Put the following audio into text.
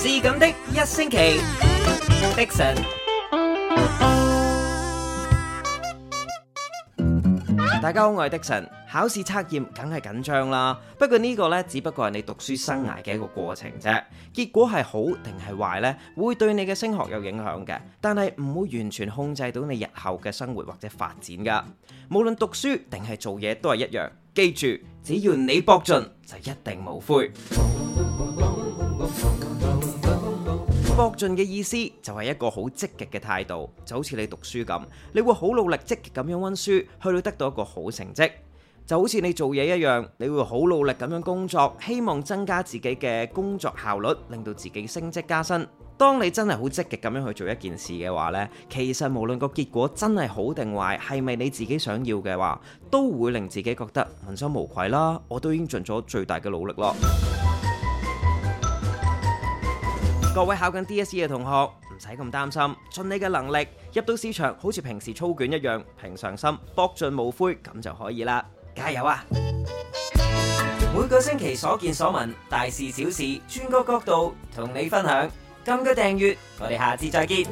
是咁的一星期，Dixon。大家好，我係 Dixon。考試測驗梗係緊張啦，不過呢個呢，只不過係你讀書生涯嘅一個過程啫。結果係好定係壞呢，會對你嘅升學有影響嘅，但係唔會完全控制到你日後嘅生活或者發展噶。無論讀書定係做嘢都係一樣。記住，只要你搏盡，就一定無悔。搏盡嘅意思就係一個好積極嘅態度，就好似你讀書咁，你會好努力積極咁樣溫書，去到得到一個好成績；就好似你做嘢一樣，你會好努力咁樣工作，希望增加自己嘅工作效率，令到自己升職加薪。當你真係好積極咁樣去做一件事嘅話呢，其實無論個結果真係好定壞，係咪你自己想要嘅話，都會令自己覺得問心無愧啦，我都已經盡咗最大嘅努力咯。各位考緊 DSE 嘅同學，唔使咁擔心，盡你嘅能力入到市場，好似平時操卷一樣平常心，搏盡無悔咁就可以啦！加油啊！每個星期所見所聞，大事小事，專個角度同你分享。撳個訂閱，我哋下次再見。